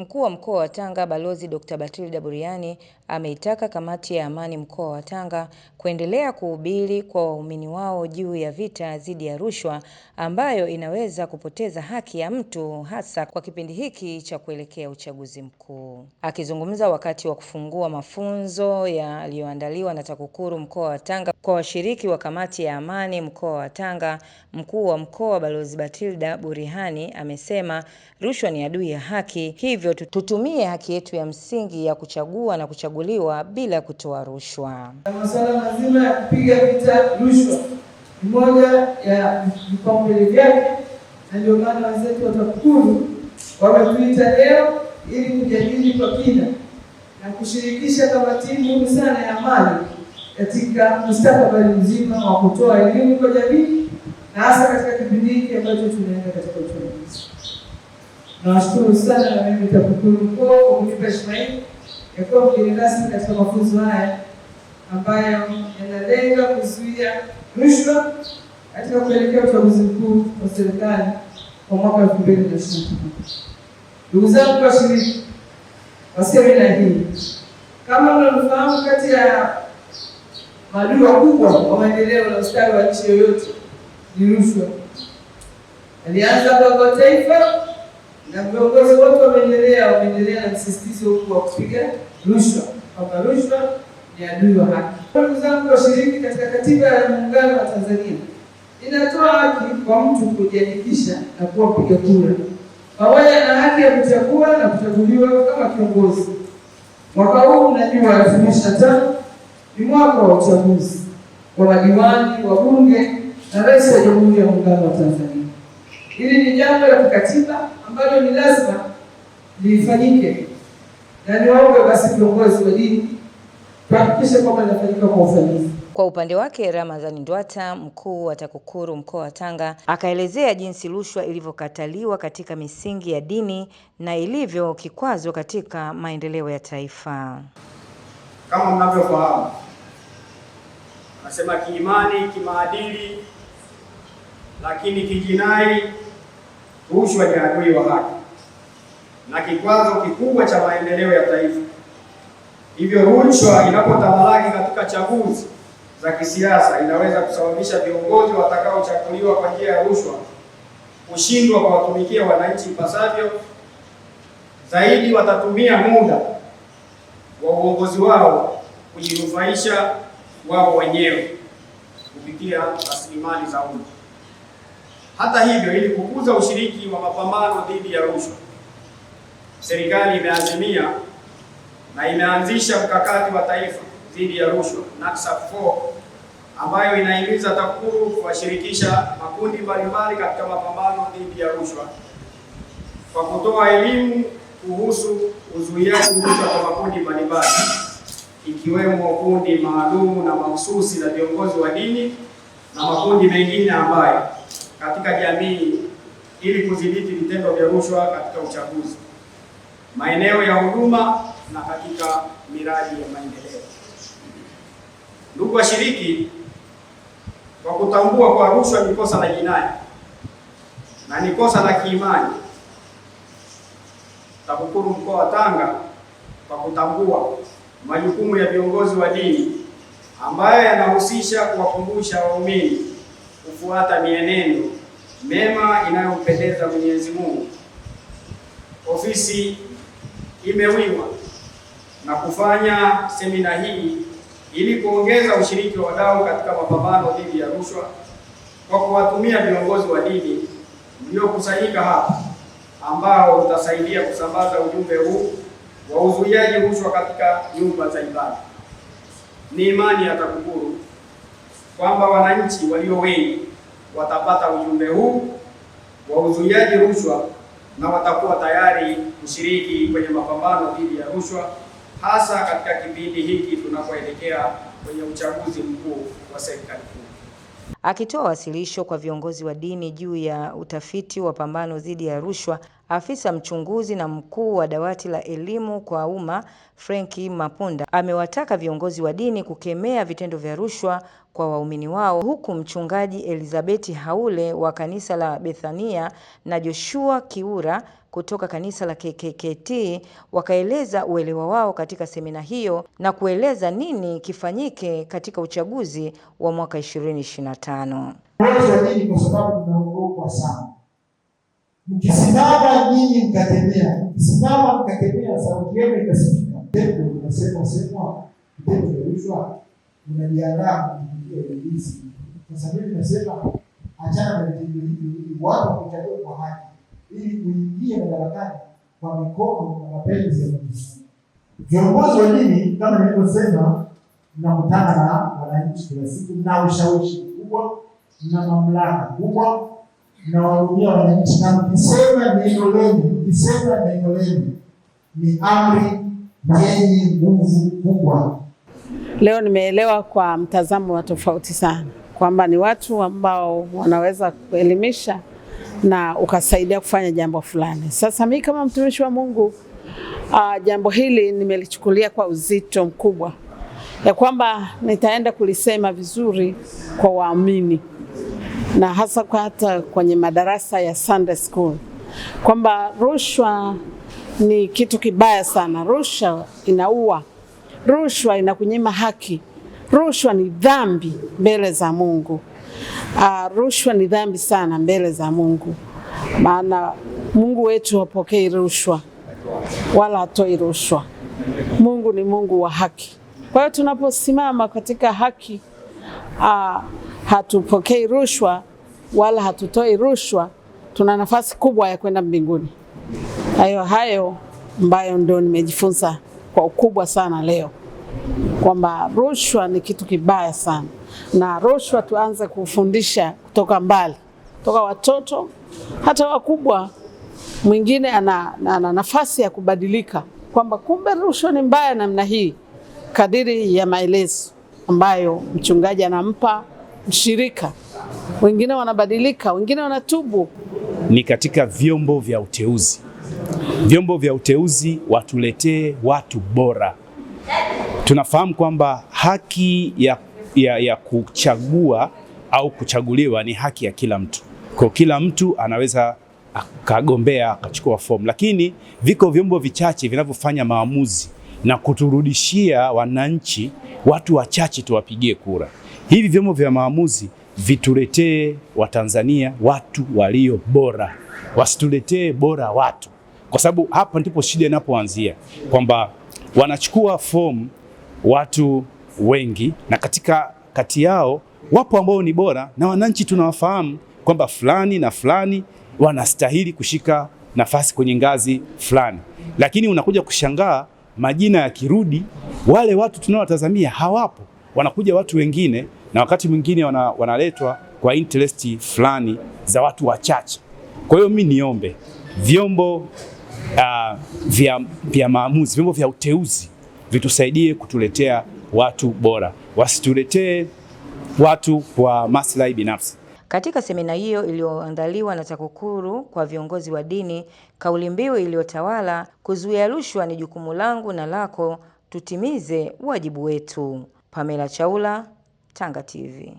Mkuu wa Mkoa wa Tanga Balozi Dr. Batilda Buriani ameitaka kamati ya amani mkoa wa Tanga kuendelea kuhubiri kwa waumini wao juu ya vita dhidi ya rushwa ambayo inaweza kupoteza haki ya mtu hasa kwa kipindi hiki cha kuelekea uchaguzi mkuu. Akizungumza wakati wa kufungua mafunzo yaliyoandaliwa na TAKUKURU mkoa wa Tanga kwa washiriki wa kamati ya amani mkoa wa Tanga, mkuu wa mkoa Balozi Batilda Burihani amesema rushwa ni adui ya haki, hivyo hivyo tutumie haki yetu ya msingi ya kuchagua na kuchaguliwa bila kutoa rushwa. Masuala mazima ya kupiga vita rushwa ni moja ya vipaumbele vyake, na ndio maana wenzetu wa TAKUKURU wametuita leo ili kujadili kwa kina na kushirikisha kamati muhimu sana ya mali katika mustakabali mzima wa kutoa elimu kwa jamii na hasa katika kipindi hiki ambacho tunaenda katika uchumi. Nawashukuru sana na mimi TAKUKURU kwa kunipa heshima hii ya kuwa mgeni rasmi katika mafunzo haya ambayo yanalenga kuzuia rushwa katika kuelekea uchaguzi mkuu wa serikali kwa mwaka elfu mbili na ishirini na Ndugu zangu washiriki wa semina hii, kama mnavyofahamu, kati ya maadui wakubwa wa maendeleo na ustawi wa nchi yoyote ni rushwa. Alianza baba wa taifa na viongozi wote wameendelea wameendelea na msisitizo huku wa kupiga rushwa, kwamba rushwa ni adui wa haki. Ndugu zangu washiriki, katika katiba ya muungano wa Tanzania inatoa haki kwa mtu kujiandikisha na kuwa mpiga kura pamoja na haki ya kuchagua na kuchaguliwa kama kiongozi. Mwaka huu mnajua, elfu mbili ishirini na tano ni mwaka wa uchaguzi wa madiwani, bunge na rais wa Jamhuri ya Muungano wa Tanzania. Hili ni jambo la kikatiba ambalo ni lazima lifanyike, na niwaombe basi viongozi wa dini tuhakikishe kwamba linafanyika kwa ufanisi. Kwa upande wake Ramadhani Ndwata, mkuu wa TAKUKURU mkoa wa Tanga, akaelezea jinsi rushwa ilivyokataliwa katika misingi ya dini na ilivyo kikwazo katika maendeleo ya taifa. Kama mnavyofahamu, anasema kiimani, kimaadili, lakini kijinai rushwa ni adui wa haki na kikwazo kikubwa cha maendeleo ya taifa. Hivyo, rushwa inapotawalaki katika chaguzi za kisiasa inaweza kusababisha viongozi watakaochaguliwa kwa njia ya rushwa kushindwa kuwatumikia wananchi ipasavyo. Zaidi, watatumia muda wa uongozi wao kujinufaisha wao wenyewe kupitia rasilimali za umma. Hata hivyo, ili kukuza ushiriki wa mapambano dhidi ya rushwa, serikali imeazimia na imeanzisha mkakati wa taifa dhidi ya rushwa NACSA 4 ambayo inahimiza TAKUKURU kuwashirikisha makundi mbalimbali katika mapambano dhidi ya rushwa kwa kutoa elimu kuhusu uzuiaji rushwa kwa makundi mbalimbali ikiwemo kundi maalumu na mahususi la viongozi wa dini na makundi mengine ambayo katika jamii ili kudhibiti vitendo vya rushwa katika uchaguzi, maeneo ya huduma na katika miradi ya maendeleo. Ndugu washiriki, kwa kutambua kwa rushwa ni kosa la jinai na ni kosa la kiimani, TAKUKURU mkoa wa Tanga kwa kutambua majukumu ya viongozi wa dini ambayo yanahusisha kuwakumbusha waumini kufuata mienendo mema inayompendeza Mwenyezi Mungu. Ofisi imewiwa na kufanya semina hii ili kuongeza ushiriki wa wadau katika mapambano dhidi ya rushwa kwa kuwatumia viongozi wa dini mliokusanyika hapa, ambao utasaidia kusambaza ujumbe huu wa uzuiaji rushwa katika nyumba za ibada. Ni imani ya TAKUKURU kwamba wananchi walio wengi watapata ujumbe huu wa uzuiaji rushwa na watakuwa tayari kushiriki kwenye mapambano dhidi ya rushwa, hasa katika kipindi hiki tunapoelekea kwenye uchaguzi mkuu wa serikali kuu. Akitoa wasilisho kwa viongozi wa dini juu ya utafiti wa pambano dhidi ya rushwa Afisa mchunguzi na mkuu wa dawati la elimu kwa umma Frank Mapunda amewataka viongozi wa dini kukemea vitendo vya rushwa kwa waumini wao, huku mchungaji Elizabeth Haule wa kanisa la Bethania na Joshua Kiura kutoka kanisa la KKKT wakaeleza uelewa wao katika semina hiyo na kueleza nini kifanyike katika uchaguzi wa mwaka 2025. kwa sababu tunaogopa sana Mkisimama nyinyi mkatemea, mkisimama mkatemea, sauti yenu ikasikika. Pepo unasema sema, pepo unarushwa, unajiandaa kumpigia ibilisi. Sasa mimi nasema achana na vitendo hivi hivi, watu wakuchagua kwa haki ili kuingia madarakani kwa mikono na mapenzi ya Mungu. Viongozi wa dini kama nilivyosema, mnakutana na wananchi kila siku na ushawishi mkubwa na mamlaka kubwa mnawahudumia wananchi, na mkisema neno lenu, mkisema neno lenu ni amri yenye nguvu kubwa. Leo nimeelewa kwa mtazamo wa tofauti sana kwamba ni watu ambao wanaweza kuelimisha na ukasaidia kufanya jambo fulani. Sasa mimi kama mtumishi wa Mungu uh, jambo hili nimelichukulia kwa uzito mkubwa ya kwamba nitaenda kulisema vizuri kwa waamini na hasa kwa hata kwenye madarasa ya Sunday school kwamba rushwa ni kitu kibaya sana. Rushwa inaua, rushwa inakunyima haki, rushwa ni dhambi mbele za Mungu. Uh, rushwa ni dhambi sana mbele za Mungu, maana Mungu wetu hapokei rushwa wala hatoi rushwa. Mungu ni Mungu wa haki. Kwa hiyo tunaposimama katika haki uh, hatupokei rushwa wala hatutoi rushwa, tuna nafasi kubwa ya kwenda mbinguni. Hayo hayo ambayo ndio nimejifunza kwa ukubwa sana leo kwamba rushwa ni kitu kibaya sana, na rushwa tuanze kufundisha kutoka mbali, kutoka watoto hata wakubwa. Mwingine ana, ana nafasi ya kubadilika kwamba kumbe rushwa ni mbaya namna hii, kadiri ya maelezo ambayo mchungaji anampa mshirika, wengine wanabadilika, wengine wanatubu. Ni katika vyombo vya uteuzi, vyombo vya uteuzi watuletee watu bora. Tunafahamu kwamba haki ya, ya, ya kuchagua au kuchaguliwa ni haki ya kila mtu, kwa kila mtu anaweza akagombea akachukua fomu, lakini viko vyombo vichache vinavyofanya maamuzi na kuturudishia wananchi, watu wachache tuwapigie kura. Hivi vyombo vya maamuzi vituletee Watanzania watu walio bora, wasituletee bora watu, kwa sababu hapa ndipo shida inapoanzia, kwamba wanachukua fomu watu wengi, na katika kati yao wapo ambao ni bora, na wananchi tunawafahamu kwamba fulani na fulani wanastahili kushika nafasi kwenye ngazi fulani, lakini unakuja kushangaa majina yakirudi, wale watu tunaowatazamia hawapo, wanakuja watu wengine, na wakati mwingine wana, wanaletwa kwa interesti fulani za watu wachache. Kwa hiyo mimi niombe vyombo uh, vya, vya maamuzi, vyombo vya uteuzi vitusaidie kutuletea watu bora, wasituletee watu kwa maslahi binafsi. Katika semina hiyo iliyoandaliwa na TAKUKURU kwa viongozi wa dini, kauli mbiu iliyotawala, kuzuia rushwa ni jukumu langu na lako, tutimize wajibu wetu. Pamela Chaula, Tanga TV.